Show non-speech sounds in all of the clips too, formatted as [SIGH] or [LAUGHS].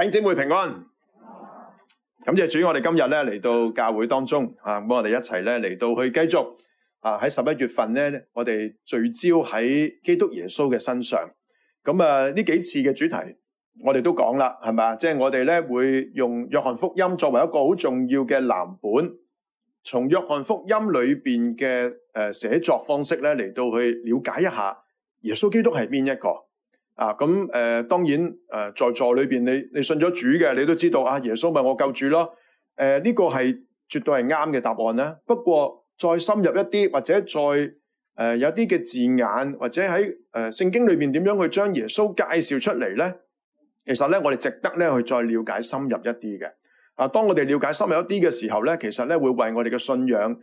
弟兄姊妹平安，咁感謝主我，我哋今日咧嚟到教會當中啊，咁我哋一齊咧嚟到去繼續啊喺十一月份咧，我哋聚焦喺基督耶穌嘅身上。咁啊呢幾次嘅主題，我哋都講啦，係嘛，即係我哋咧會用約翰福音作為一個好重要嘅藍本，從約翰福音裏邊嘅誒寫作方式咧嚟到去了解一下耶穌基督係邊一個。啊，咁誒、呃、當然誒、呃、在座裏邊，你你信咗主嘅，你都知道啊。耶穌咪我救主咯，誒、呃、呢、呢個係絕對係啱嘅答案啦。不過再深入一啲，或者再誒、呃、有啲嘅字眼，或者喺誒聖經裏邊點樣去將耶穌介紹出嚟咧？其實咧，我哋值得咧去再了解深入一啲嘅。啊，當我哋了解深入一啲嘅時候咧，其實咧會為我哋嘅信仰誒、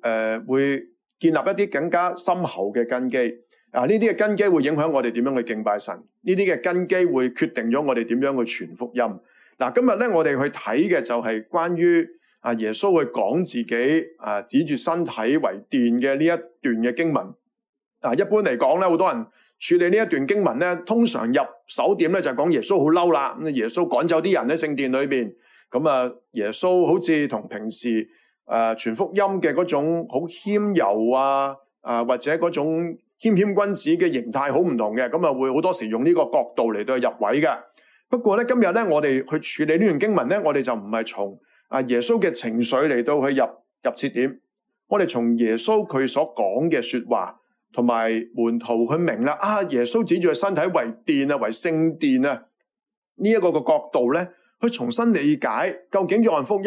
呃、會建立一啲更加深厚嘅根基。啊！呢啲嘅根基會影響我哋點樣去敬拜神。呢啲嘅根基會決定咗我哋點樣去傳福音。嗱，今日咧，我哋去睇嘅就係關於啊耶穌去講自己啊，指住身體為殿嘅呢一段嘅經文。啊，一般嚟講咧，好多人處理呢一段經文咧，通常入手點咧就係講耶穌好嬲啦。咁耶穌趕走啲人喺聖殿裏邊咁啊，耶穌好似同平時誒傳福音嘅嗰種好謙柔啊，啊或者嗰種。謙謙君子嘅形態好唔同嘅，咁啊會好多時用呢個角度嚟到去入位嘅。不過咧，今日呢，我哋去處理呢段經文呢，我哋就唔係從啊耶穌嘅情緒嚟到去入入切入點，我哋從耶穌佢所講嘅說話，同埋門徒佢明啦，啊耶穌指住佢身體為殿啊，為聖殿啊，呢一個嘅角度呢，去重新理解究竟約翰福音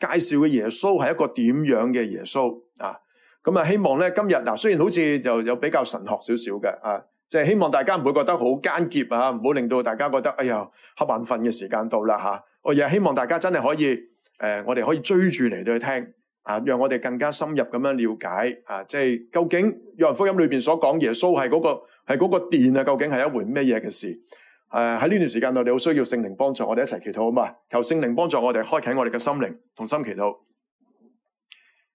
介紹嘅耶穌係一個點樣嘅耶穌啊？咁啊，希望咧今日嗱，雖然好似就有比較神學少少嘅，啊，即係希望大家唔會覺得好艱澀啊，唔好令到大家覺得哎呀，瞌眼瞓嘅時間到啦吓、啊。我亦希望大家真係可以，誒、呃，我哋可以追住嚟到去聽，啊，讓我哋更加深入咁樣了解，啊，即係究竟《約翰福音》裏邊所講耶穌係嗰個係嗰個電啊，究竟係一回咩嘢嘅事？誒、啊，喺呢段時間內，我哋好需要聖靈幫助，我哋一齊祈禱啊嘛，求聖靈幫助我哋開啟我哋嘅心靈，同心祈禱。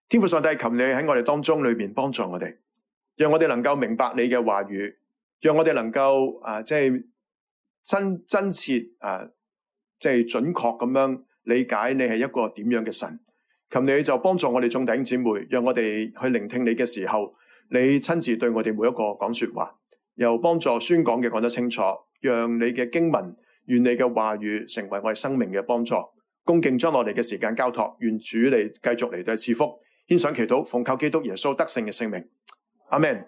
天父上帝，求你喺我哋當中裏邊幫助我哋，讓我哋能夠明白你嘅話語，讓我哋能夠啊，即、呃、係、就是、真真切啊，即、呃、係、就是、準確咁樣理解你係一個點樣嘅神。求你就幫助我哋眾弟兄姊妹，讓我哋去聆聽你嘅時候，你親自對我哋每一個講說話，又幫助宣講嘅講得清楚，讓你嘅經文、願你嘅話語成為我哋生命嘅幫助。恭敬將我哋嘅時間交託，願主你繼續嚟到賜福。獻上祈禱，奉靠基督耶穌得勝嘅性命，阿門。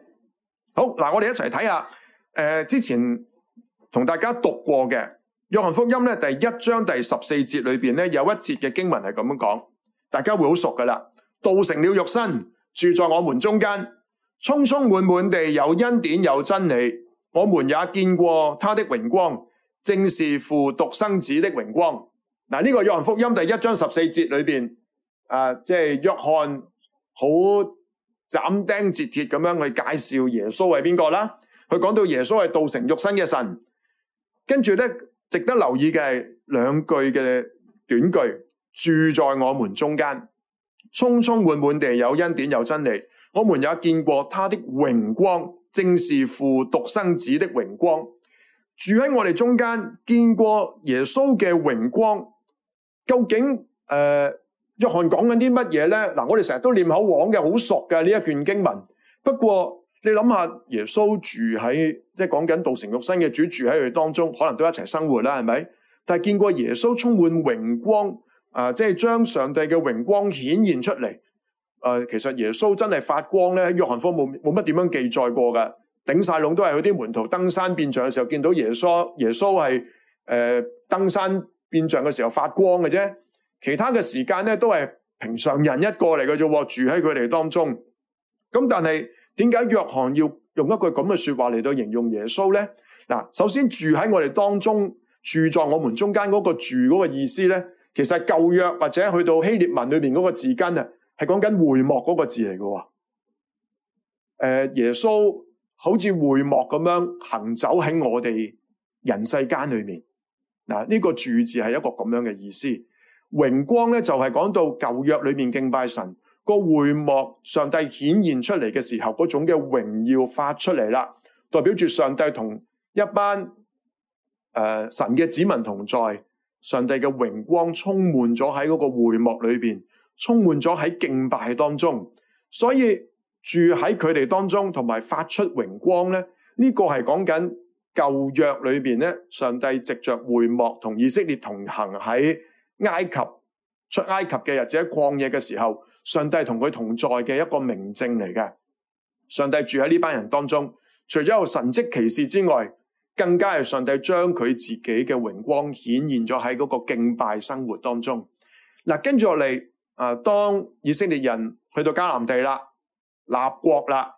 好，嗱，我哋一齊睇下，誒，之前同大家讀過嘅《約翰福音》咧，第一章第十四節裏邊咧有一節嘅經文係咁樣講，大家會好熟噶啦。道成了肉身，住在我們中間，充充滿滿地有恩典有真理，我們也見過他的榮光，正是父獨生子的榮光。嗱，呢個《約翰福音》第一章十四節裏邊。誒、呃，即係約翰好斬釘截鐵咁樣去介紹耶穌係邊個啦？佢講到耶穌係道成肉身嘅神，跟住呢，值得留意嘅係兩句嘅短句：住在我們中間，充充滿滿地有恩典有真理。我們也見過他的榮光，正是父獨生子的榮光，住喺我哋中間。見過耶穌嘅榮光，究竟誒？呃約翰講緊啲乜嘢咧？嗱，我哋成日都念口往嘅，好熟嘅呢一卷經文。不過你諗下，耶穌住喺即係講緊道成肉身嘅主住喺佢哋當中，可能都一齊生活啦，係咪？但係見過耶穌充滿榮光啊，呃，即係將上帝嘅榮光顯現出嚟。誒、呃，其實耶穌真係發光咧，約翰科冇冇乜點樣記載過噶，頂晒籠都係佢啲門徒登山變像嘅時候見到耶穌，耶穌係誒、呃、登山變像嘅時候發光嘅啫。其他嘅時間咧，都係平常人一個嚟嘅啫，住喺佢哋當中。咁但係點解約翰要用一句咁嘅說話嚟到形容耶穌咧？嗱，首先住喺我哋當中，住在我們中間嗰個住嗰個意思咧，其實舊約或者去到希臘文裏面嗰個字根啊，係講緊會幕嗰個字嚟嘅。誒，耶穌好似會幕咁樣行走喺我哋人世間裏面。嗱，呢個住字係一個咁樣嘅意思。榮光咧就係講到舊約裏面敬拜神、嗰個會幕，上帝顯現出嚟嘅時候，嗰種嘅榮耀發出嚟啦，代表住上帝同一班誒、呃、神嘅子民同在，上帝嘅榮光充滿咗喺嗰個會幕裏邊，充滿咗喺敬拜當中，所以住喺佢哋當中，同埋發出榮光呢，呢、呢個係講緊舊約裏邊呢，上帝藉着會幕同以色列同行喺，埃及出埃及嘅日子喺曠野嘅時候，上帝同佢同在嘅一個明證嚟嘅。上帝住喺呢班人當中，除咗有神蹟奇事之外，更加係上帝將佢自己嘅榮光顯現咗喺嗰個敬拜生活當中。嗱，啊，跟住落嚟啊，當以色列人去到迦南地啦，立國啦，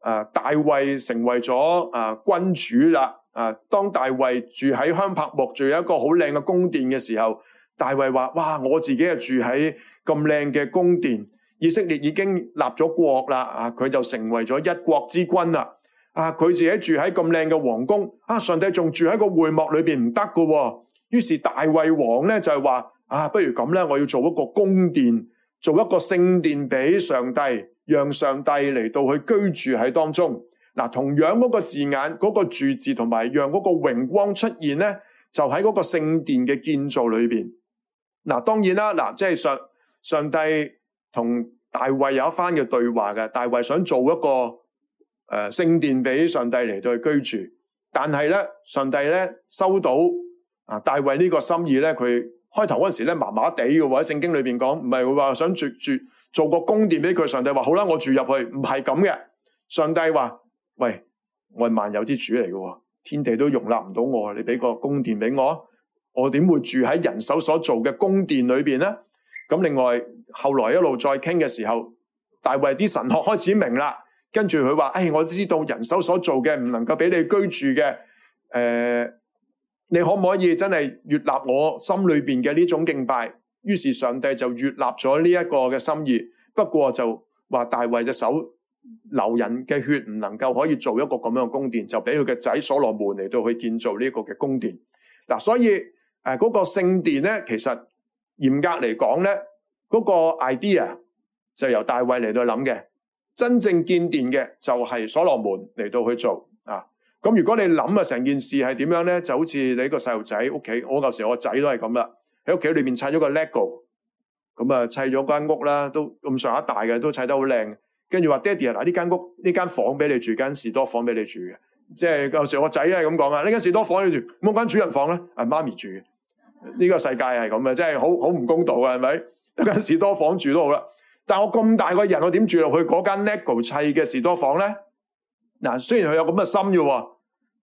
啊，大衛成為咗啊君主啦，啊，當大衛住喺香柏木，仲有一個好靚嘅宮殿嘅時候。大衛話：哇，我自己啊住喺咁靚嘅宮殿，以色列已經立咗國啦，啊，佢就成為咗一國之君啦，啊，佢自己住喺咁靚嘅皇宮，啊，上帝仲住喺個會幕裏邊唔得噶，於是大衛王咧就係、是、話：啊，不如咁咧，我要做一個宮殿，做一個聖殿俾上帝，讓上帝嚟到佢居住喺當中。嗱、啊，同樣嗰個字眼，嗰，那個住字同埋讓嗰個榮光出現咧，就喺嗰個聖殿嘅建造裏邊。嗱，當然啦，嗱，即係上上帝同大衛有一番嘅對話嘅，大衛想做一個誒、呃、聖殿俾上帝嚟到去居住，但係咧上帝咧收到啊大衛呢個心意咧，佢開頭嗰時咧麻麻地嘅，喺聖經裏邊講唔係會話想住住，住做個宮殿俾佢，上帝話好啦，我住入去唔係咁嘅，上帝話喂，我係萬有之主嚟嘅，天地都容納唔到我，你俾個宮殿俾我。我點會住喺人手所做嘅宮殿裏邊呢？咁另外後來一路再傾嘅時候，大衛啲神學開始明啦。跟住佢話：，唉、哎，我知道人手所做嘅唔能夠俾你居住嘅。誒、呃，你可唔可以真係悅納我心裏邊嘅呢種敬拜？於是上帝就悅納咗呢一個嘅心意。不過就話大衛嘅手流人嘅血，唔能夠可以做一個咁樣嘅宮殿，就俾佢嘅仔所羅門嚟到去建造呢個嘅宮殿。嗱，所以。誒嗰、啊那個聖殿咧，其實嚴格嚟講咧，嗰、那個 idea 就由大衛嚟到去諗嘅。真正建殿嘅就係所羅門嚟到去做啊。咁、啊、如果你諗啊，成件事係點樣咧，就好似你個細路仔屋企，我舊時我仔都係咁啦，喺屋企裏邊砌咗個 lego，咁啊砌咗間屋啦，都咁上下大嘅，都砌得好靚。跟住話：爹哋啊，嗱呢間屋呢間房俾你住，間士多房俾你住嘅。即係舊時我仔係咁講啊，呢間士多房要住，冇嗰間，間主人房咧，係、啊、媽咪住。呢個世界係咁嘅，真係好好唔公道嘅，係咪？ [LAUGHS] 一間士多房住都好啦，但我咁大個人，我點住落去嗰間 lego 砌嘅士多房呢？嗱，雖然佢有咁嘅心嘅，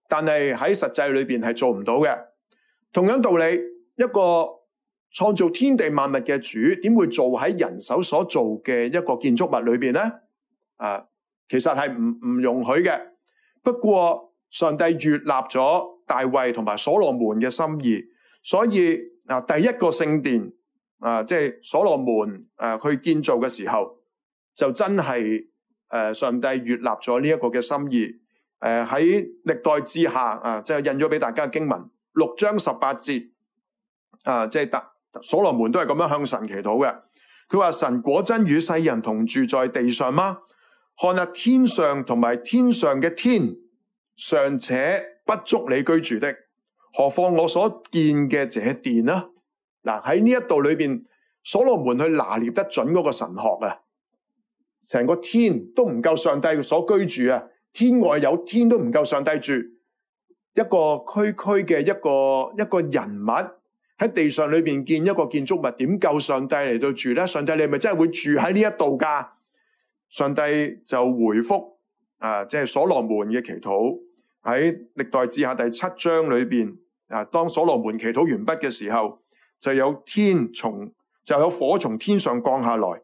但係喺實際裏邊係做唔到嘅。同樣道理，一個創造天地萬物嘅主，點會做喺人手所做嘅一個建築物裏邊呢？啊，其實係唔唔容許嘅。不過上帝悅納咗大衛同埋所羅門嘅心意。所以啊，第一個聖殿啊，即係所羅門啊，佢建造嘅時候就真係誒、啊，上帝悅納咗呢一個嘅心意。誒、啊，喺歷代志下啊，即係印咗俾大家經文六章十八節啊，即係達所羅門都係咁樣向神祈禱嘅。佢話，神果真與世人同住在地上嗎？看啊，天上同埋天上嘅天尚且不足你居住的。何況我所建嘅這殿呢，嗱，喺呢一度裏邊，所羅門去拿捏得準嗰個神學啊，成個天都唔夠上帝所居住啊，天外有天都唔夠上帝住，一個區區嘅一個一個人物喺地上裏邊建一個建築物，點夠上帝嚟到住呢？上帝你咪真係會住喺呢一度噶？上帝就回復啊，即係所羅門嘅祈禱喺歷代志下第七章裏邊。啊！當所羅門祈禱完畢嘅時候，就有天從就有火從天上降下來，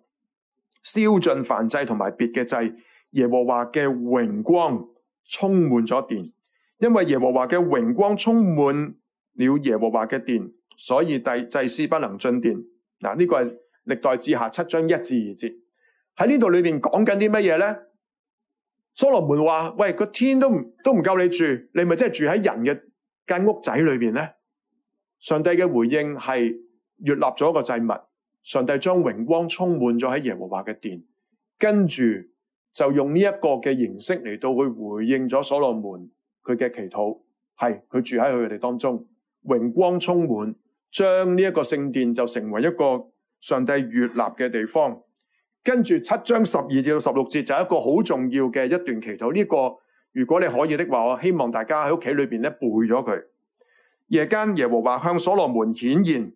燒盡凡祭同埋別嘅祭。耶和華嘅榮光充滿咗殿，因為耶和華嘅榮光充滿了耶和華嘅殿，所以第祭司不能進殿。嗱，呢個係歷代志下七章一至二節，喺呢度裏邊講緊啲乜嘢咧？所羅門話：喂，個天都唔都唔夠你住，你咪真係住喺人嘅。間屋仔裏邊呢，上帝嘅回應係悅納咗一個祭物，上帝將榮光充滿咗喺耶和華嘅殿，跟住就用呢一個嘅形式嚟到去回應咗所羅門佢嘅祈禱，係佢住喺佢哋當中，榮光充滿，將呢一個聖殿就成爲一個上帝悅納嘅地方，跟住七章十二至到十六節就係一個好重要嘅一段祈禱，呢、這個。如果你可以的話，我希望大家喺屋企裏邊咧背咗佢。夜間，耶，間耶和華向所羅門顯現，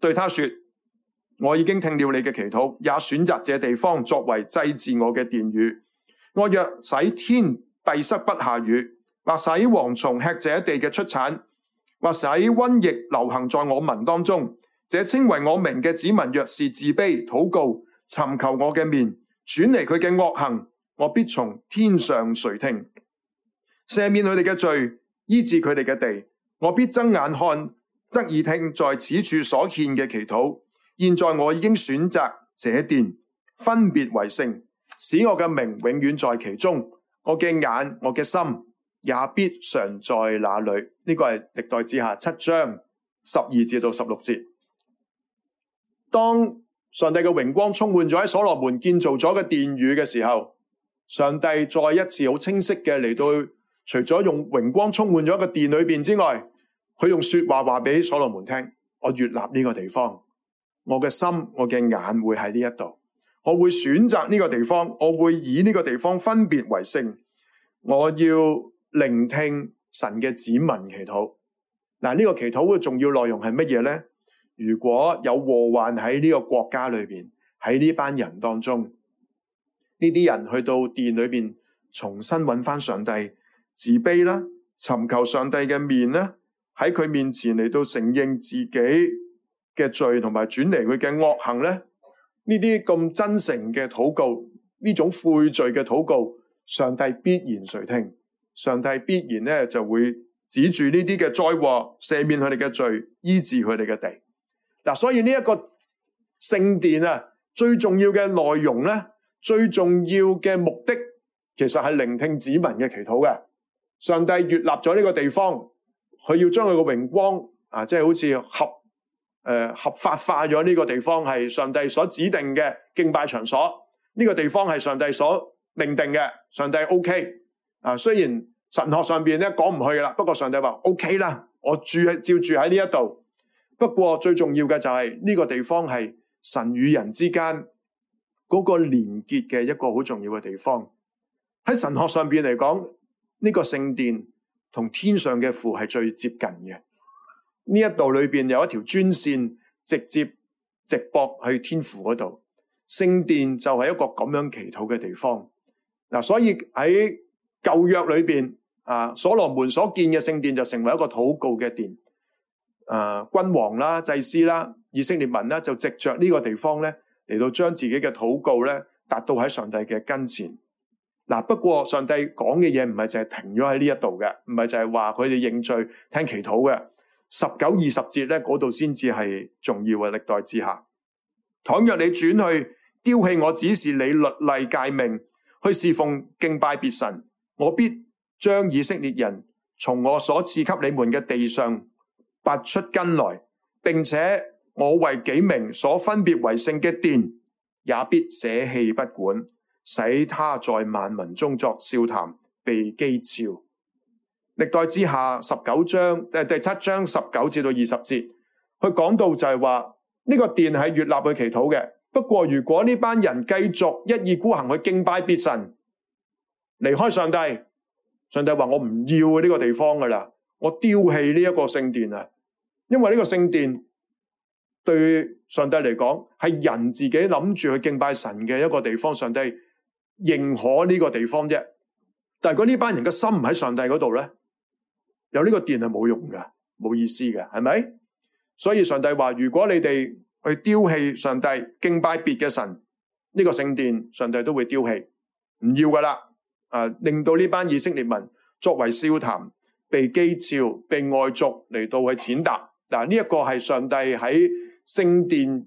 對他說：我已經聽了你嘅祈禱，也選擇這地方作為祭祀我嘅殿宇。我若使天閉塞不下雨，或使蝗蟲吃這地嘅出產，或使瘟疫流行在我民當中，這稱為我名嘅子民若是自卑、禱告、尋求我嘅面，轉離佢嘅惡行，我必從天上垂聽，赦免佢哋嘅罪，醫治佢哋嘅地，我必睜眼看，側耳聽在此處所獻嘅祈禱。現在我已經選擇這殿，分別為聖，使我嘅名永遠在其中。我嘅眼，我嘅心，也必常在那裏。呢、這個係歷代志下七章十二至到十六節。當上帝嘅榮光充滿咗喺所羅門建造咗嘅殿宇嘅時候，上帝再一次好清晰嘅嚟到。除咗用榮光充滿咗一個殿裏邊之外，佢用說話話俾所羅門聽：我悅納呢個地方，我嘅心、我嘅眼會喺呢一度，我會選擇呢個地方，我會以呢個地方分別為聖。我要聆聽神嘅指聞祈禱。嗱，呢個祈禱嘅重要內容係乜嘢呢？如果有禍患喺呢個國家裏邊，喺呢班人當中，呢啲人去到殿裏邊，重新揾翻上帝。自卑啦，尋求上帝嘅面啦，喺佢面前嚟到承認自己嘅罪，同埋轉離佢嘅惡行咧。呢啲咁真誠嘅禱告，呢種悔罪嘅禱告，上帝必然垂聽，上帝必然咧就會指住呢啲嘅災禍，赦免佢哋嘅罪，醫治佢哋嘅地。嗱、啊，所以呢一個聖殿啊，最重要嘅內容咧，最重要嘅目的，其實係聆聽子民嘅祈禱嘅。上帝越立咗呢個地方，佢要將佢個榮光啊，即係好似合誒、呃、合法化咗呢個地方係上帝所指定嘅敬拜場所。呢、這個地方係上帝所命定嘅，上帝 O、OK, K 啊。雖然神學上邊咧講唔去啦，不過上帝話 O K 啦，我住照住喺呢一度。不過最重要嘅就係、是、呢、這個地方係神與人之間嗰個連結嘅一個好重要嘅地方。喺神學上邊嚟講。呢個聖殿同天上嘅父係最接近嘅，呢一度裏邊有一條專線直接直駁去天父嗰度。聖殿就係一個咁樣祈禱嘅地方。嗱、啊,所以喺舊約裏邊啊，所羅門所建嘅聖殿就成為一個禱告嘅殿。誒、啊，君王啦、祭司啦、以色列民啦，就藉着呢個地方咧嚟到將自己嘅禱告咧達到喺上帝嘅跟前。嗱，不過上帝講嘅嘢，唔係淨係停咗喺呢一度嘅，唔係就係話佢哋認罪聽祈禱嘅。十九二十節咧，嗰度先至係重要嘅。歷代志下，倘若你轉去丟棄我指示你律例誡命，去侍奉敬拜別神，我必將以色列人從我所賜給你們嘅地上拔出根來，並且我為己名所分別為聖嘅殿，也必捨棄不管。使他在萬民中作笑談，被譏誚。歷代志下，十九章即係第七章十九至到二十節，佢講到就係話呢個殿係越立去祈禱嘅。不過如果呢班人繼續一意孤行去敬拜別神，離開上帝，上帝話我唔要呢個地方噶啦，我丟棄呢一個聖殿啊，因為呢個聖殿對上帝嚟講係人自己諗住去敬拜神嘅一個地方，上帝。認可呢個地方啫，但係如果呢班人嘅心唔喺上帝嗰度咧，有呢個殿係冇用噶、冇意思嘅，係咪？所以上帝話：如果你哋去丟棄上帝、敬拜別嘅神，呢、這個聖殿上帝都會丟棄，唔要噶啦。啊，令到呢班以色列民作為笑談、被譏誚、被外族嚟到去踐踏。嗱、啊，呢、這、一個係上帝喺聖殿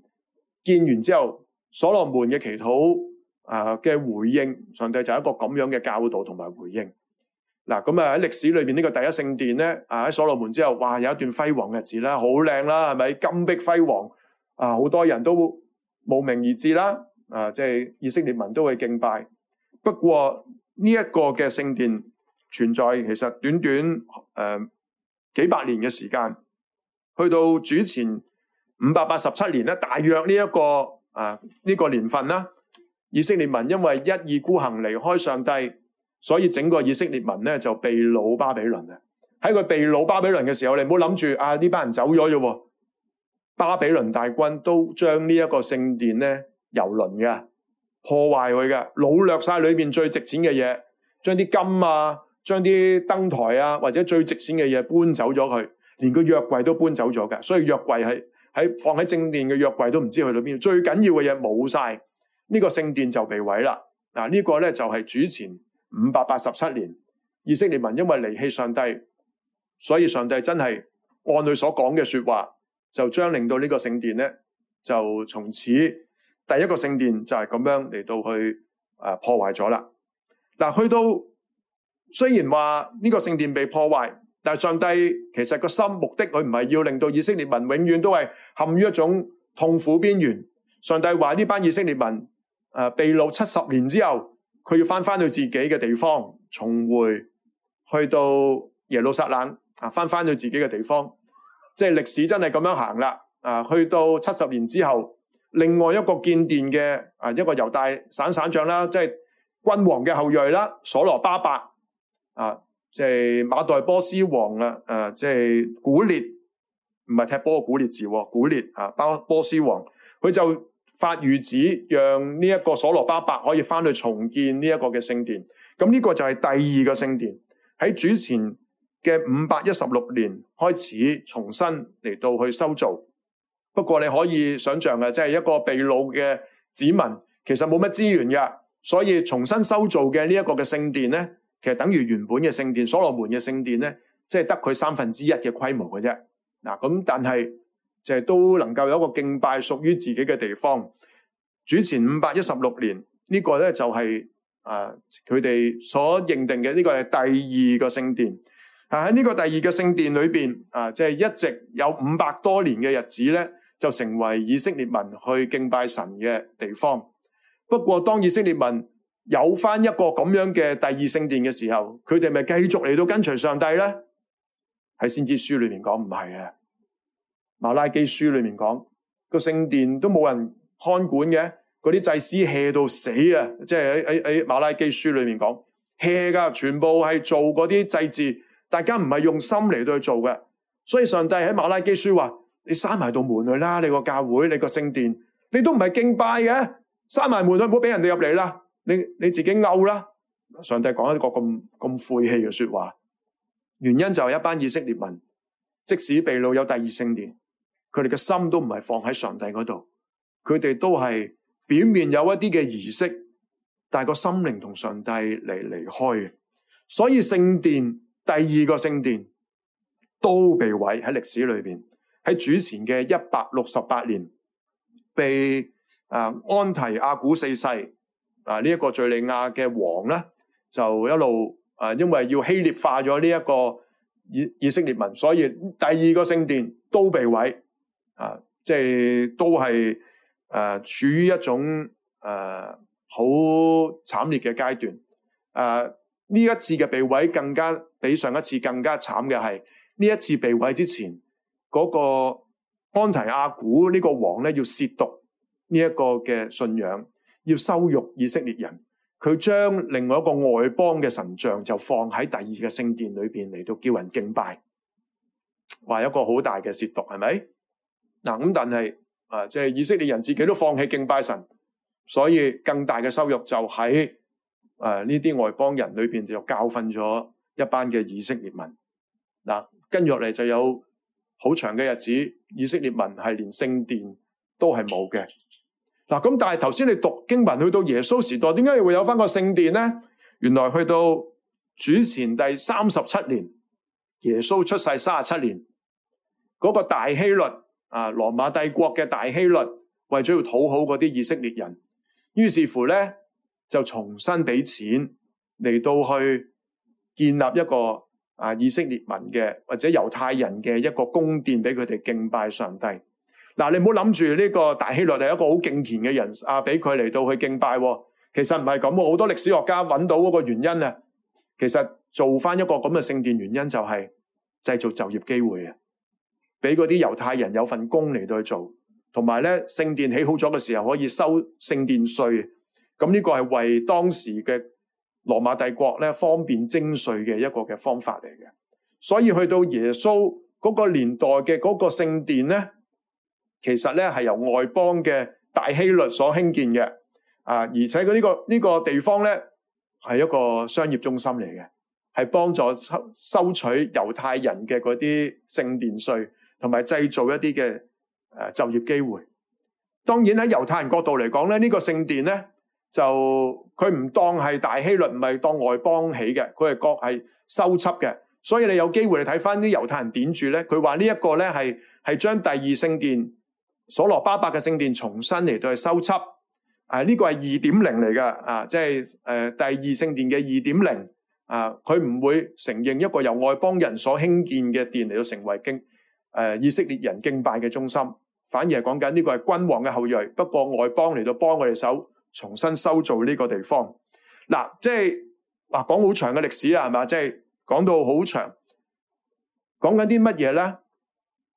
建完之後，所羅門嘅祈禱。啊嘅回應，上帝就一個咁樣嘅教導同埋回應。嗱，咁啊喺歷史裏邊呢個第一聖殿咧，啊喺所羅門之後，哇有一段輝煌嘅日子啦，好靚啦，係咪金碧輝煌啊？好多人都慕名而至啦，啊即係、就是、以色列民都會敬拜。不過呢一、這個嘅聖殿存在其實短短誒、呃、幾百年嘅時間，去到主前五百八十七年咧，大約呢、這、一個啊呢、呃這個年份啦。以色列民因為一意孤行離開上帝，所以整個以色列民呢就被擄巴比倫啦。喺佢被擄巴比倫嘅時候，你唔好諗住啊，呢班人走咗啫，巴比倫大軍都將呢一個聖殿呢蹂躪嘅破壞佢嘅，擄掠晒裏面最值錢嘅嘢，將啲金啊，將啲燈台啊或者最值錢嘅嘢搬走咗佢，連個約櫃都搬走咗噶，所以約櫃係喺放喺聖殿嘅約櫃都唔知去到邊，最緊要嘅嘢冇晒。呢個聖殿就被毀啦，嗱、這、呢個呢，就係主前五百八十七年，以色列民因為離棄上帝，所以上帝真係按佢所講嘅說話，就將令到呢個聖殿呢，就從此第一個聖殿就係咁樣嚟到去，誒破壞咗啦。嗱，去到雖然話呢個聖殿被破壞，但上帝其實個心目的，佢唔係要令到以色列民永遠都係陷於一種痛苦邊緣。上帝話呢班以色列民。誒，被擄七十年之後，佢要翻翻去自己嘅地方，重回去到耶路撒冷啊，翻翻去自己嘅地方，即係歷史真係咁樣行啦。啊，去到七十年之後，另外一個建殿嘅啊，一個猶大省省，省長啦，即係君王嘅後裔啦，所羅巴伯啊，即係馬代波斯王啦，啊，即係古列，唔係踢波古列字，古列啊，包波斯王，佢就。法預指讓呢一個所羅巴伯可以翻去重建呢一個嘅聖殿，咁呢個就係第二個聖殿，喺主前嘅五百一十六年開始重新嚟到去修造。不過你可以想象嘅，即係一個被擄嘅子民，其實冇乜資源嘅，所以重新修造嘅呢一個嘅聖殿呢，其實等於原本嘅聖殿，所羅門嘅聖殿呢，即係得佢三分之一嘅規模嘅啫。嗱，咁但係。即係都能夠有一個敬拜屬於自己嘅地方。主前五百一十六年呢、呢個呢、就係，就係啊佢哋所認定嘅呢個係第二個聖殿。啊喺呢個第二個聖殿裏邊啊即係、就是、一直有五百多年嘅日子呢，就成為以色列民去敬拜神嘅地方。不過當以色列民有翻一個咁樣嘅第二聖殿嘅時候，佢哋咪繼續嚟到跟隨上帝呢？喺先知書裏面講唔係嘅。馬拉基書裏面講，個聖殿都冇人看管嘅，嗰啲祭司 hea 到死啊！即係喺喺喺馬拉基書裏面講 hea 噶，全部係做嗰啲祭祀。大家唔係用心嚟到去做嘅。所以上帝喺馬拉基書話，你閂埋到門去啦！你個教會，你個聖殿，你都唔係敬拜嘅，閂埋門去唔好俾人哋入嚟啦！你你自己 out 啦。上帝講一個咁咁晦氣嘅說話，原因就係一班以色列民即使秘魯有第二聖殿。佢哋嘅心都唔係放喺上帝嗰度，佢哋都係表面有一啲嘅儀式，但係個心靈同上帝嚟離開嘅。所以聖殿第二個聖殿都被毀喺歷史裏邊，喺主前嘅一百六十八年，被啊安提阿古四世啊呢一個敘利亞嘅王咧，就一路啊因為要希臘化咗呢一個以以色列民，所以第二個聖殿都被毀。啊，即係都係誒、呃，處於一種誒好慘烈嘅階段。誒、呃、呢一次嘅被毀，更加比上一次更加慘嘅係呢一次被毀之前，嗰、那個安提阿古呢個王咧要褻瀆呢一個嘅信仰，要羞辱以色列人。佢將另外一個外邦嘅神像就放喺第二嘅聖殿裏邊嚟到叫人敬拜，話有一個好大嘅褻瀆，係咪？嗱咁，但係啊，即、就、係、是、以色列人自己都放棄敬拜神，所以更大嘅羞辱就喺誒呢啲外邦人裏邊就教訓咗一班嘅以色列民。嗱、啊，跟住落嚟就有好長嘅日子，以色列民係連聖殿都係冇嘅。嗱、啊、咁，但係頭先你讀經文去到耶穌時代，點解會有翻個聖殿呢？原來去到主前第三十七年，耶穌出世三十七年，嗰、那個大希律。啊！羅馬帝國嘅大希律為咗要討好嗰啲以色列人，於是乎咧就重新俾錢嚟到去建立一個啊以色列民嘅，或者猶太人嘅一個宮殿俾佢哋敬拜上帝。嗱、啊，你唔好諗住呢個大希律係一個好敬虔嘅人啊，俾佢嚟到去敬拜，啊。其實唔係咁，好多歷史學家揾到嗰個原因啊。其實做翻一個咁嘅聖殿，原因就係製造就業機會啊。俾嗰啲猶太人有份工嚟到去做，同埋咧聖殿起好咗嘅時候可以收聖殿稅，咁呢個係為當時嘅羅馬帝國咧方便徵稅嘅一個嘅方法嚟嘅。所以去到耶穌嗰個年代嘅嗰個聖殿呢，其實呢係由外邦嘅大希律所興建嘅，啊，而且佢呢個呢個地方呢，係一個商業中心嚟嘅，係幫助收收取猶太人嘅嗰啲聖殿稅。同埋製造一啲嘅誒就業機會。當然喺猶太人角度嚟講咧，呢個聖殿咧就佢唔當係大希律，唔係當外邦起嘅，佢係講係修葺嘅。所以你有機會你睇翻啲猶太人點住咧，佢話呢一個咧係係將第二聖殿所羅巴伯嘅聖殿重新嚟到去修葺。啊，呢個係二點零嚟嘅啊，即係誒第二聖殿嘅二點零啊，佢唔會承認一個由外邦人所興建嘅殿嚟到成為經。誒、呃，以色列人敬拜嘅中心，反而係講緊呢個係君王嘅後裔。不過外邦嚟到幫我哋手，重新修造呢個地方。嗱，即係話、啊、講好長嘅歷史啦，係嘛？即係講到好長，講緊啲乜嘢咧？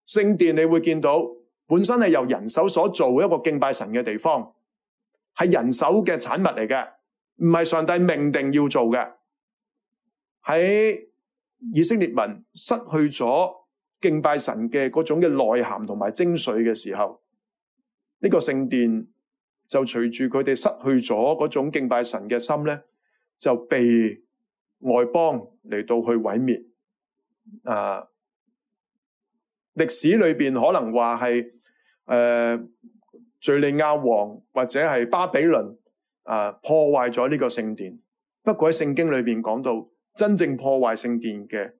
聖殿你會見到，本身係由人手所做一個敬拜神嘅地方，係人手嘅產物嚟嘅，唔係上帝命定要做嘅。喺以色列文失去咗。敬拜神嘅嗰種嘅內涵同埋精髓嘅時候，呢個聖殿就隨住佢哋失去咗嗰種敬拜神嘅心咧，就被外邦嚟到去毀滅。啊，歷史裏邊可能話係誒敍利亞王或者係巴比倫啊破壞咗呢個聖殿。不過喺聖經裏邊講到真正破壞聖殿嘅。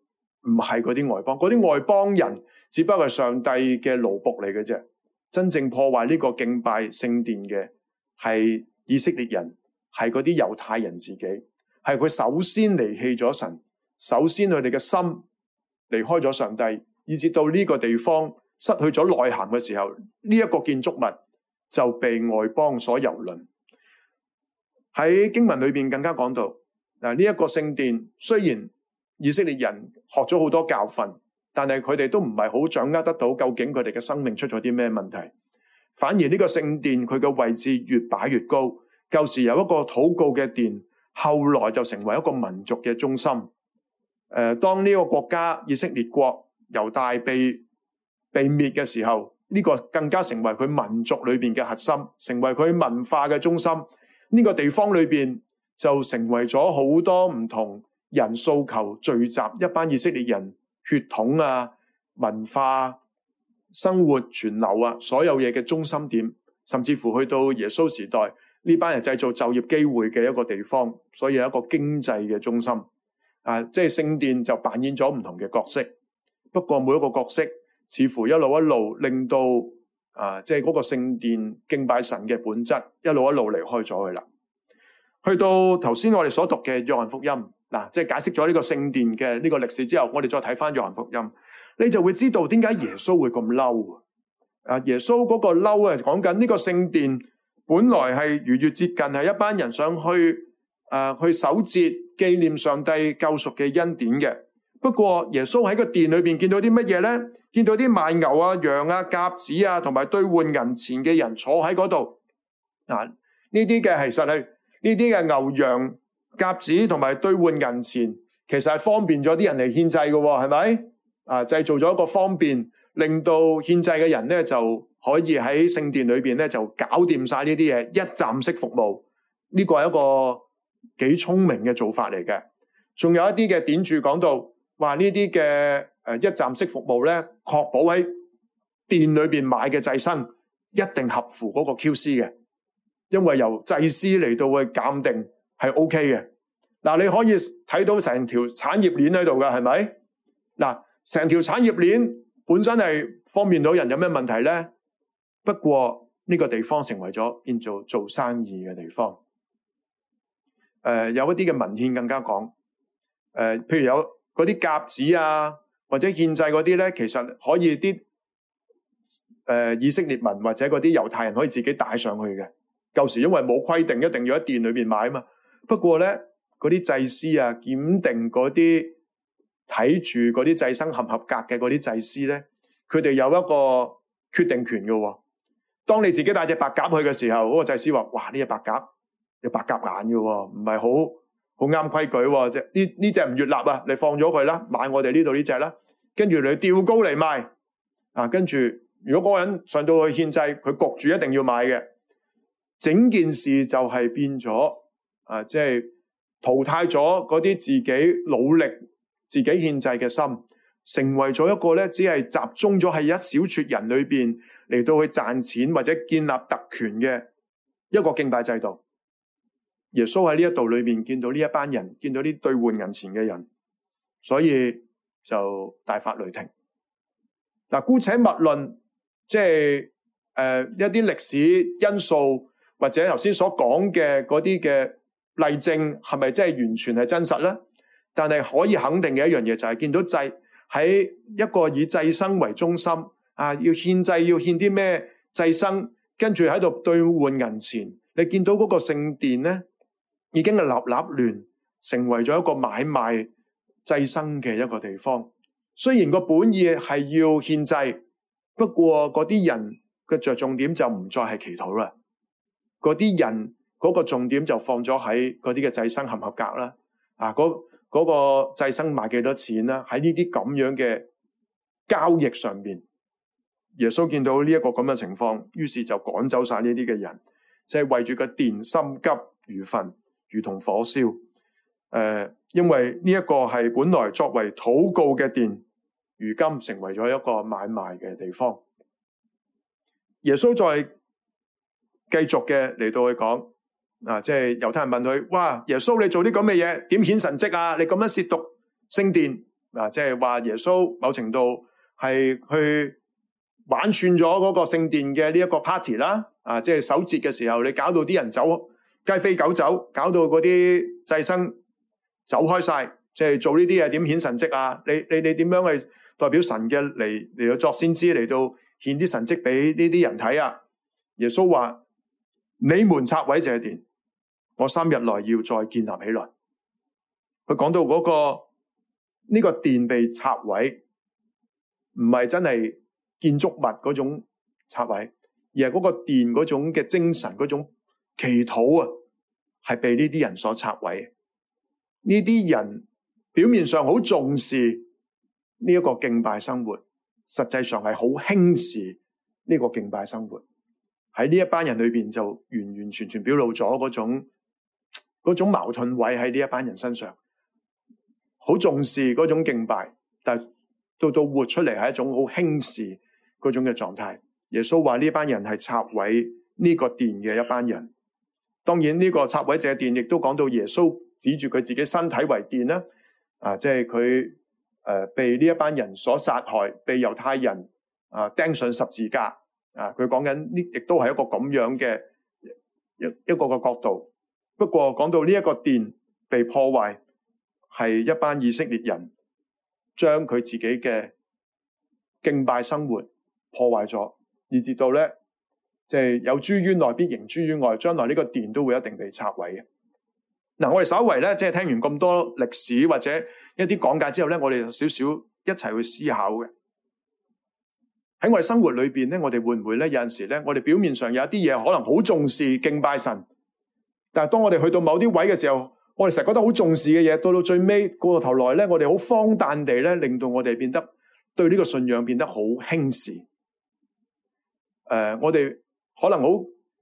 唔係嗰啲外邦，嗰啲外邦人只不過係上帝嘅奴僕嚟嘅啫。真正破壞呢個敬拜聖殿嘅係以色列人，係嗰啲猶太人自己，係佢首先離棄咗神，首先佢哋嘅心離開咗上帝，以至到呢個地方失去咗內涵嘅時候，呢一個建築物就被外邦所蹂躪。喺經文裏邊更加講到，嗱呢一個聖殿雖然以色列人。學咗好多教訓，但係佢哋都唔係好掌握得到究竟佢哋嘅生命出咗啲咩問題。反而呢個聖殿佢嘅位置越擺越高。舊時有一個禱告嘅殿，後來就成為一個民族嘅中心。誒、呃，當呢個國家以色列國猶大被被滅嘅時候，呢、這個更加成為佢民族裏邊嘅核心，成為佢文化嘅中心。呢、這個地方裏邊就成為咗好多唔同。人訴求聚集一班以色列人血統啊、文化、啊、生活、傳流啊，所有嘢嘅中心點，甚至乎去到耶穌時代呢班人製造就業機會嘅一個地方，所以有一個經濟嘅中心啊，即係聖殿就扮演咗唔同嘅角色。不過每一個角色似乎一路一路令到啊，即係嗰個聖殿敬拜神嘅本質一路一路離開咗去啦。去到頭先我哋所讀嘅約翰福音。嗱，即係解釋咗呢個聖殿嘅呢個歷史之後，我哋再睇翻約翰福音，你就會知道點解耶穌會咁嬲啊！耶穌嗰個嬲啊，講緊呢個聖殿本來係逾越節接近，係一班人上去誒、呃、去守節紀念上帝救贖嘅恩典嘅。不過耶穌喺個殿裏邊見到啲乜嘢咧？見到啲賣牛啊、羊啊、鴿子啊，同埋兌換銀錢嘅人坐喺嗰度。嗱、呃，呢啲嘅其實係呢啲嘅牛羊。鴿子同埋兌換銀錢，其實係方便咗啲人嚟獻祭嘅，係咪？啊，製造咗一個方便，令到獻祭嘅人咧就可以喺聖殿裏邊咧就搞掂晒呢啲嘢，一站式服務。呢個係一個幾聰明嘅做法嚟嘅。仲有一啲嘅典注講到，話呢啲嘅誒一站式服務咧，確保喺店裏邊買嘅祭牲一定合乎嗰個 QC 嘅，因為由祭司嚟到去鑒定係 OK 嘅。嗱，你可以睇到成條產業鏈喺度嘅，係咪？嗱，成條產業鏈本身係方便到人，有咩問題咧？不過呢個地方成為咗變做做生意嘅地方。誒、呃，有一啲嘅文獻更加講，誒、呃，譬如有嗰啲夾子啊，或者獻祭嗰啲咧，其實可以啲誒、呃、以色列民，或者嗰啲猶太人可以自己帶上去嘅。舊時因為冇規定一定要喺店裏邊買啊嘛，不過咧。嗰啲祭司啊，檢定嗰啲睇住嗰啲祭牲合唔合格嘅嗰啲祭司咧，佢哋有一個決定權嘅、哦。當你自己帶隻白鴿去嘅時候，嗰、那個祭司話，哇，呢隻白鴿有白鴿眼嘅、哦，唔係好好啱規矩、哦，即呢呢隻唔越立啊，你放咗佢啦，買我哋呢度呢隻啦。跟住你吊高嚟賣啊。跟住如果嗰個人上到去獻祭，佢焗住一定要買嘅。整件事就係變咗啊，即係。淘汰咗嗰啲自己努力、自己獻祭嘅心，成為咗一個咧，只係集中咗喺一小撮人裏邊嚟到去賺錢或者建立特權嘅一個敬拜制度。耶穌喺呢一度裏面見到呢一班人，見到啲兌換銀錢嘅人，所以就大發雷霆。嗱、呃，姑且勿論即係誒一啲歷史因素或者頭先所講嘅嗰啲嘅。例證係咪真係完全係真實呢？但係可以肯定嘅一樣嘢就係見到祭喺一個以祭牲為中心啊，要獻祭，要獻啲咩祭牲，跟住喺度兌換銀錢。你見到嗰個聖殿呢，已經係立立亂，成為咗一個買賣祭牲嘅一個地方。雖然個本意係要獻祭，不過嗰啲人嘅着重點就唔再係祈禱啦。嗰啲人。嗰個重點就放咗喺嗰啲嘅祭牲合唔合格啦，啊，嗰嗰、個祭牲賣幾多錢啦，喺呢啲咁樣嘅交易上面，耶穌見到呢一個咁嘅情況，於是就趕走晒呢啲嘅人，即係為住個殿心急如焚，如同火燒。誒、呃，因為呢一個係本來作為禱告嘅殿，如今成為咗一個買賣嘅地方。耶穌再繼續嘅嚟到去講。啊！即係猶太人問佢，哇！耶穌，你做啲咁嘅嘢，點顯神蹟啊？你咁樣褻瀆聖殿啊！即係話耶穌某程度係去玩串咗嗰個聖殿嘅呢一個 party 啦。啊！即係守節嘅時候，你搞到啲人走雞飛狗走，搞到嗰啲祭牲走開晒。即係做呢啲嘢，點顯神蹟啊？你你你點樣去代表神嘅嚟，嚟到作先知嚟到顯啲神蹟俾呢啲人睇啊？耶穌話，你們拆毀就係殿。我三日內要再建立起來。佢講到嗰個呢個殿被拆毀，唔係真係建築物嗰種拆毀，而係嗰個殿嗰種嘅精神嗰種祈禱啊，係被呢啲人所拆毀。呢啲人表面上好重視呢一個敬拜生活，實際上係好輕視呢個敬拜生活。喺呢一班人裏邊就完完全全表露咗嗰種。嗰種矛盾位喺呢一班人身上，好重視嗰種敬拜，但到到活出嚟係一種好輕視嗰種嘅狀態。耶穌話呢班人係拆毀呢個殿嘅一班人，當然呢、呢個拆毀者嘅殿亦都講到耶穌指住佢自己身體為殿啦。啊，即係佢誒被呢一班人所殺害，被猶太人啊釘上十字架啊。佢講緊呢，亦都係一個咁樣嘅一一個一個角度。不過講到呢一個殿被破壞，係一班以色列人將佢自己嘅敬拜生活破壞咗，以至到咧即係有諸於內必形諸於外，將來呢個殿都會一定被拆毀嘅。嗱，我哋稍為咧即係聽完咁多歷史或者一啲講解之後咧，我哋就少少一齊去思考嘅。喺我哋生活裏邊咧，我哋會唔會咧有陣時咧，我哋表面上有啲嘢可能好重視敬拜神？但係當我哋去到某啲位嘅時候，我哋成日覺得好重視嘅嘢，到到最尾過到頭來咧，我哋好荒誕地咧，令到我哋變得對呢個信仰變得好輕視。誒、呃，我哋可能好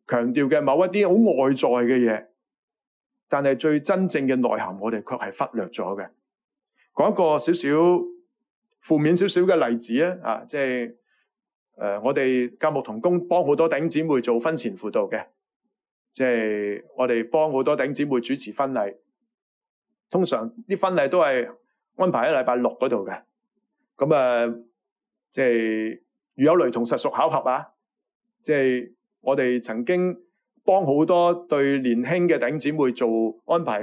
強調嘅某一啲好外在嘅嘢，但係最真正嘅內涵，我哋卻係忽略咗嘅。講一個少少負面少少嘅例子啊，啊，即係誒、呃，我哋教牧同工幫好多頂姊妹做婚前輔導嘅。即係我哋幫好多弟姊妹主持婚禮，通常啲婚禮都係安排喺禮拜六嗰度嘅。咁啊，即係如有雷同，實屬巧合啊！即係我哋曾經幫好多對年輕嘅弟姊妹做安排，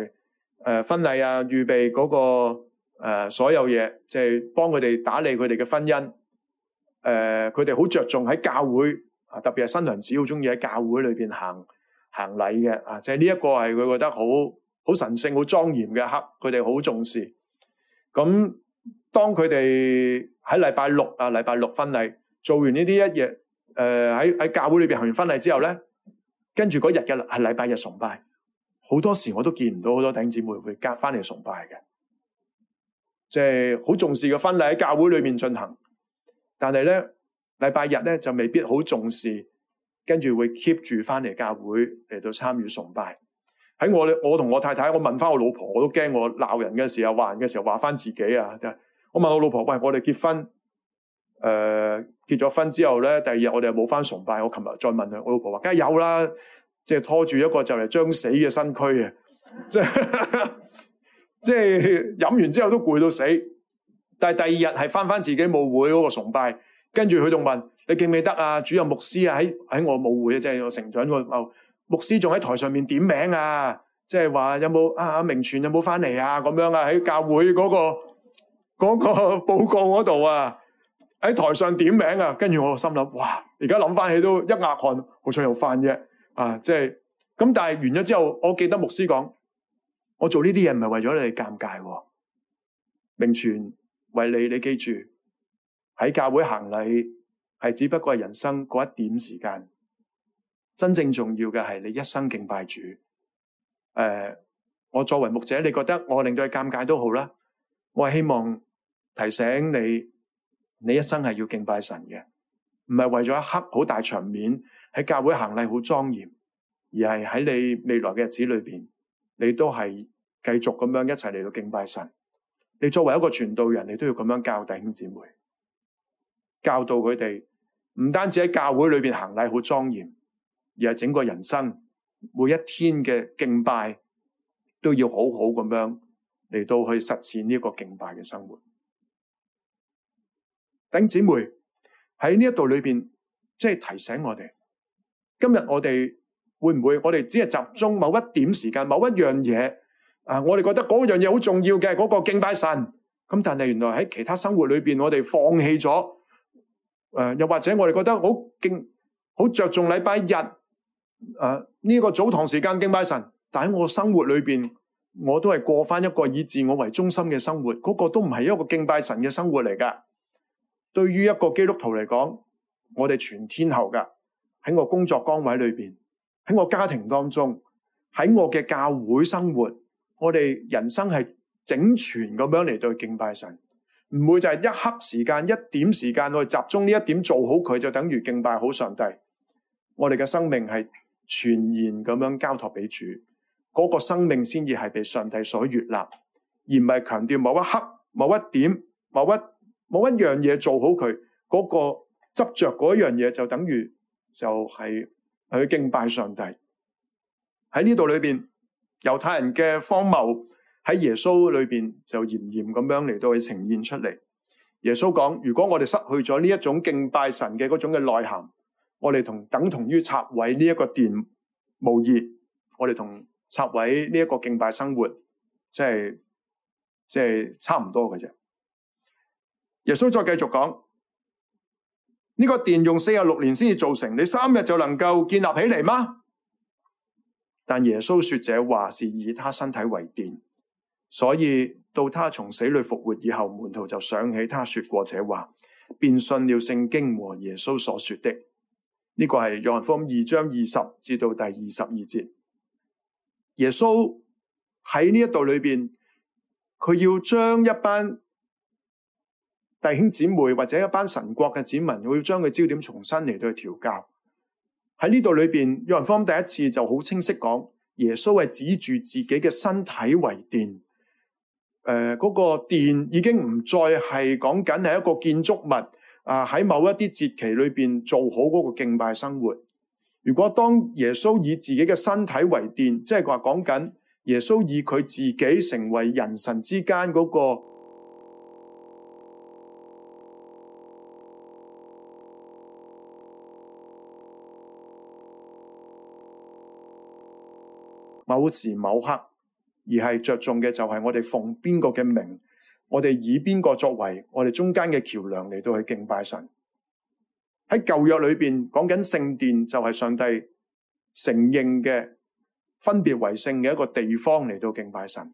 誒婚禮啊，預備嗰個誒所有嘢，即係幫佢哋打理佢哋嘅婚姻。誒，佢哋好着重喺教會啊，特別係新娘子好中意喺教會裏邊行。行禮嘅啊，即係呢一個係佢覺得好好神聖、好莊嚴嘅一刻，佢哋好重視。咁當佢哋喺禮拜六啊，禮拜六婚禮做完呢啲一夜，誒喺喺教會裏邊行完婚禮之後咧，跟住嗰日嘅係禮拜日崇拜，好多時我都見唔到好多弟兄姊妹會隔翻嚟崇拜嘅，即係好重視嘅婚禮喺教會裏邊進行，但係咧禮拜日咧就未必好重視。跟住會 keep 住翻嚟教會嚟到參與崇拜。喺我咧，我同我太太，我問翻我老婆，我都驚我鬧人嘅時候話人嘅時候話翻自己啊。我問我老婆：「喂，我哋結婚，誒、呃、結咗婚之後咧，第二日我哋又冇翻崇拜？我琴日再問佢，我老婆話：梗係有啦，即、就、係、是、拖住一個將 [LAUGHS] 就嚟將死嘅身軀啊。」即係即係飲完之後都攰到死。但係第二日係翻翻自己母會嗰個崇拜。跟住佢仲問：你記唔記得啊？主任牧師啊，喺、哎、喺我母會即係我成長嗰度，牧師仲喺台上面點名啊，即係話有冇啊啊明泉有冇翻嚟啊？咁樣啊，喺教會嗰個嗰個報告嗰度啊，喺台上點名啊。跟住我心諗：哇！而家諗翻起都一額汗，好彩又返啫啊，啊！即係咁，但係完咗之後，我記得牧師講：我做呢啲嘢唔係為咗你哋尷尬，明泉為你，你記住。喺教會行禮係只不過係人生嗰一點時間，真正重要嘅係你一生敬拜主。誒、呃，我作為牧者，你覺得我令到你尷尬都好啦。我希望提醒你，你一生係要敬拜神嘅，唔係為咗一刻好大場面喺教會行禮好莊嚴，而係喺你未來嘅日子裏邊，你都係繼續咁樣一齊嚟到敬拜神。你作為一個傳道人，你都要咁樣教弟兄姊妹。教導佢哋唔單止喺教會裏邊行禮好莊嚴，而係整個人生每一天嘅敬拜都要好好咁樣嚟到去實現呢一個敬拜嘅生活。頂姊妹喺呢一度裏邊，即係提醒我哋，今日我哋會唔會我哋只係集中某一點時間，某一樣嘢啊？我哋覺得嗰樣嘢好重要嘅嗰個敬拜神，咁但係原來喺其他生活裏邊，我哋放棄咗。誒，又或者我哋覺得好敬、好着重禮拜日誒，呢個早堂時間敬拜神，但喺我生活裏邊，我都係過翻一個以自我為中心嘅生活，嗰個都唔係一個敬拜神嘅生活嚟噶。對於一個基督徒嚟講，我哋全天候噶，喺我工作崗位裏邊，喺我家庭當中，喺我嘅教會生活，我哋人生係整全咁樣嚟對敬拜神。唔會就係一刻時間、一點時間去集中呢一點做好佢，就等於敬拜好上帝。我哋嘅生命係全然咁樣交託俾主，嗰個生命先至係被上帝所悦納，而唔係強調某一刻、某一點、某一某一樣嘢做好佢。嗰個執着嗰樣嘢就等於就係去敬拜上帝。喺呢度裏邊，猶太人嘅荒謬。喺耶穌裏邊就嚴嚴咁樣嚟到去呈現出嚟。耶穌講：如果我哋失去咗呢一種敬拜神嘅嗰種嘅內涵，我哋同等同於拆毀呢一個殿，無異。我哋同拆毀呢一個敬拜生活，即係即係差唔多嘅啫。耶穌再繼續講：呢、這個殿用四十六年先至造成，你三日就能夠建立起嚟嗎？但耶穌說：這話是以他身體為殿。所以到他從死裏復活以後，門徒就想起他說過這話，便信了聖經和耶穌所說的。呢、這個係約翰福音二章二十至到第二十二節。耶穌喺呢一度裏邊，佢要將一班弟兄姊妹或者一班神國嘅子民，我要將佢焦點重新嚟到去調教喺呢度裏邊。約翰福音第一次就好清晰講，耶穌係指住自己嘅身體為殿。誒嗰、呃，那個殿已經唔再係講緊係一個建築物啊！喺、呃、某一啲節期裏邊做好嗰個敬拜生活。如果當耶穌以自己嘅身體為殿，即係話講緊耶穌以佢自己成為人神之間嗰個某時某刻。而係着重嘅就係我哋奉邊個嘅名，我哋以邊個作為我哋中間嘅橋梁嚟到去敬拜神。喺舊約裏邊講緊聖殿就係上帝承認嘅分別為聖嘅一個地方嚟到敬拜神。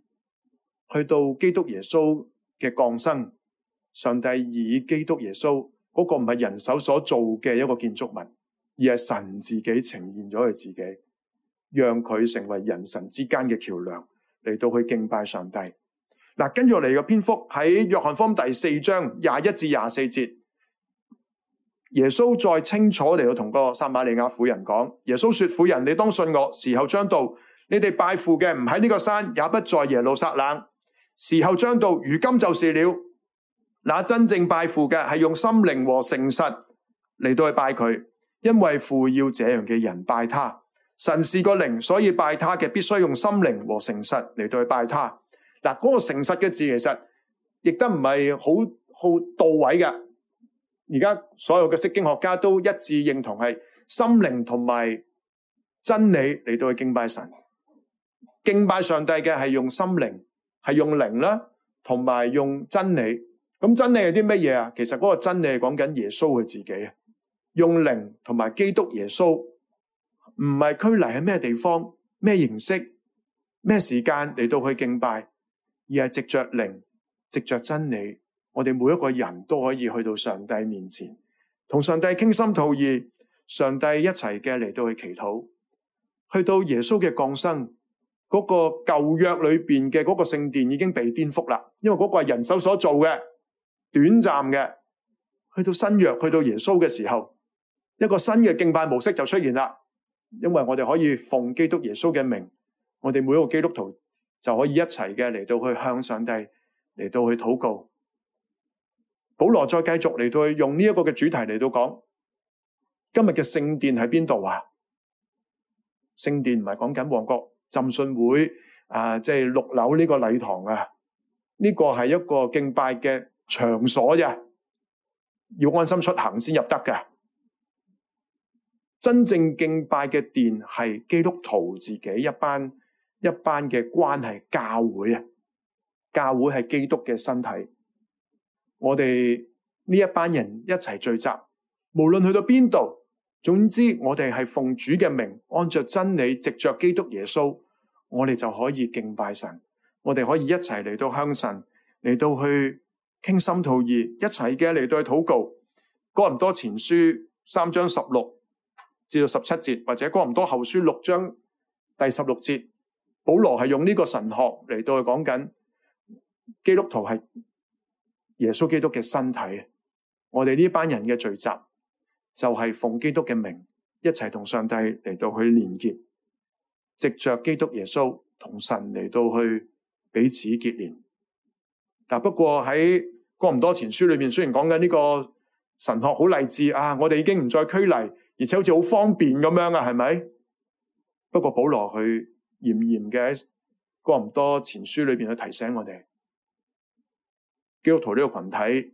去到基督耶穌嘅降生，上帝以基督耶穌嗰個唔係人手所做嘅一個建築物，而係神自己呈現咗佢自己，讓佢成為人神之間嘅橋梁。嚟到去敬拜上帝。嗱、啊，跟住嚟嘅篇幅喺約翰福音第四章廿一至廿四節，耶穌再清楚地去同個撒瑪利亞婦人講：耶穌說，婦人，你當信我，時候將到，你哋拜父嘅唔喺呢個山，也不在耶路撒冷。時候將到，如今就是了。那真正拜父嘅係用心靈和誠實嚟到去拜佢，因為父要這樣嘅人拜他。神是個靈，所以拜他嘅必須用心靈和誠實嚟到去拜他。嗱，嗰、那個誠實嘅字其實亦都唔係好好到位㗎。而家所有嘅釋經學家都一致認同係心靈同埋真理嚟到去敬拜神。敬拜上帝嘅係用心靈，係用靈啦，同埋用真理。咁真理係啲乜嘢啊？其實嗰個真理係講緊耶穌佢自己啊，用靈同埋基督耶穌。唔係拘泥喺咩地方、咩形式、咩時間嚟到去敬拜，而係藉着靈、藉着真理，我哋每一個人都可以去到上帝面前，同上帝傾心吐意，上帝一齊嘅嚟到去祈禱。去到耶穌嘅降生，嗰個舊約裏邊嘅嗰個聖殿已經被顛覆啦，因為嗰個係人手所做嘅短暫嘅，去到新約去到耶穌嘅時候，一個新嘅敬拜模式就出現啦。因為我哋可以奉基督耶穌嘅名，我哋每一個基督徒就可以一齊嘅嚟到去向上帝嚟到去禱告。保羅再繼續嚟到去用呢一個嘅主題嚟到講，今日嘅聖殿喺邊度啊？聖殿唔係講緊旺角浸信會啊，即係六樓呢個禮堂啊，呢個係一個敬拜嘅場所啊，要安心出行先入得㗎。真正敬拜嘅殿係基督徒自己一班一班嘅關係教會啊！教會係基督嘅身體，我哋呢一班人一齊聚集，無論去到邊度，總之我哋係奉主嘅名，按着真理，藉着基督耶穌，我哋就可以敬拜神。我哋可以一齊嚟到向神，嚟到去傾心吐意，一齊嘅嚟到去禱告。哥林多前書三章十六。至到十七節，或者哥唔多後書六章第十六節，保羅係用呢個神學嚟到去講緊，基督徒係耶穌基督嘅身體，我哋呢班人嘅聚集就係奉基督嘅名一齊同上帝嚟到去連結，藉着基督耶穌同神嚟到去彼此結連。嗱，不過喺哥唔多前書裏面，雖然講緊呢個神學好勵志啊，我哋已經唔再拘泥。而且好似好方便咁樣啊，係咪？不過保羅佢嚴嚴嘅，哥林多前書裏邊去提醒我哋，基督徒呢個群體，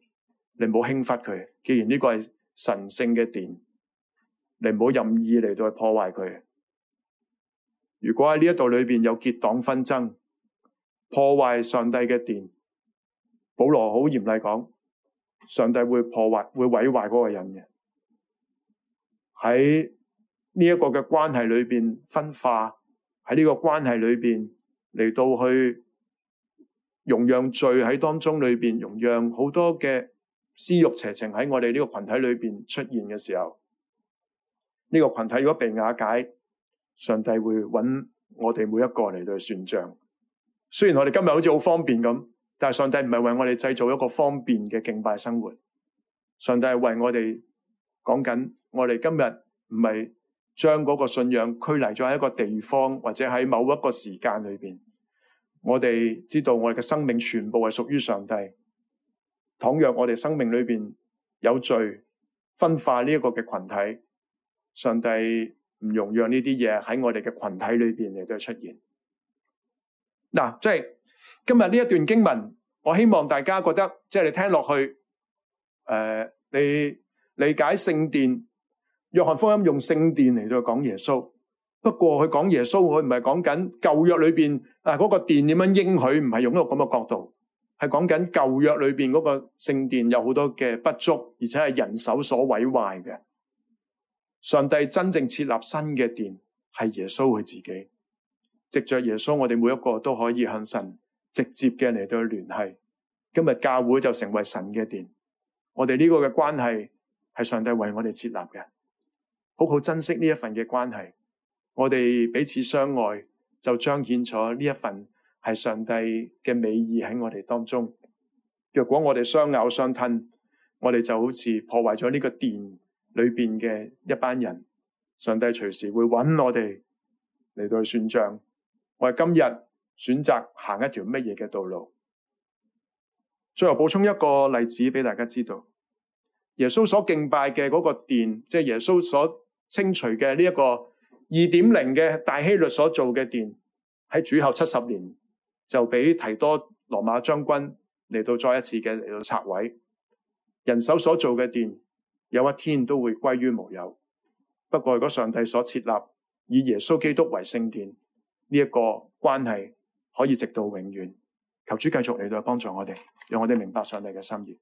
你唔好輕忽佢。既然呢個係神聖嘅殿，你唔好任意嚟到去破壞佢。如果喺呢一度裏邊有結黨紛爭，破壞上帝嘅殿，保羅好嚴厲講，上帝會破壞、會毀壞嗰個人嘅。喺呢一個嘅關係裏邊分化，喺呢個關係裏邊嚟到去容讓罪喺當中裏邊容讓好多嘅私欲邪情喺我哋呢個群體裏邊出現嘅時候，呢個群體如果被瓦解，上帝會揾我哋每一個嚟到去算賬。雖然我哋今日好似好方便咁，但係上帝唔係為我哋製造一個方便嘅敬拜生活，上帝係為我哋。講緊我哋今日唔係將嗰個信仰拘泥咗喺一個地方或者喺某一個時間裏邊，我哋知道我哋嘅生命全部係屬於上帝。倘若我哋生命裏邊有罪分化呢一個嘅群體，上帝唔容讓呢啲嘢喺我哋嘅群體裏邊亦都出現。嗱，即係今日呢一段經文，我希望大家覺得即係你聽落去，誒，你。理解聖殿，約翰福音用聖殿嚟到講耶穌。不過佢講耶穌，佢唔係講緊舊約裏邊啊嗰個殿點樣應許，唔係用一個咁嘅角度，係講緊舊約裏邊嗰個聖殿有好多嘅不足，而且係人手所毀壞嘅。上帝真正設立新嘅殿，係耶穌佢自己。藉着耶穌，我哋每一個都可以向神直接嘅嚟到聯繫。今日教會就成為神嘅殿，我哋呢個嘅關係係上帝為我哋設立嘅，好好珍惜呢一份嘅關係，我哋彼此相愛，就彰顯咗呢一份係上帝嘅美意喺我哋當中。若果我哋相咬相吞，我哋就好似破壞咗呢個殿裏邊嘅一班人。上帝隨時會揾我哋嚟到去算賬。我哋今日選擇行一條乜嘢嘅道路？最後補充一個例子俾大家知道。耶穌所敬拜嘅嗰個殿，即係耶穌所清除嘅呢一個二點零嘅大希律所做嘅殿，喺主後七十年就俾提多羅馬將軍嚟到再一次嘅嚟到拆毀，人手所做嘅殿有一天都會歸於無有。不過如果上帝所設立以耶穌基督為聖殿呢一個關係，可以直到永遠。求主繼續嚟到幫助我哋，讓我哋明白上帝嘅心意。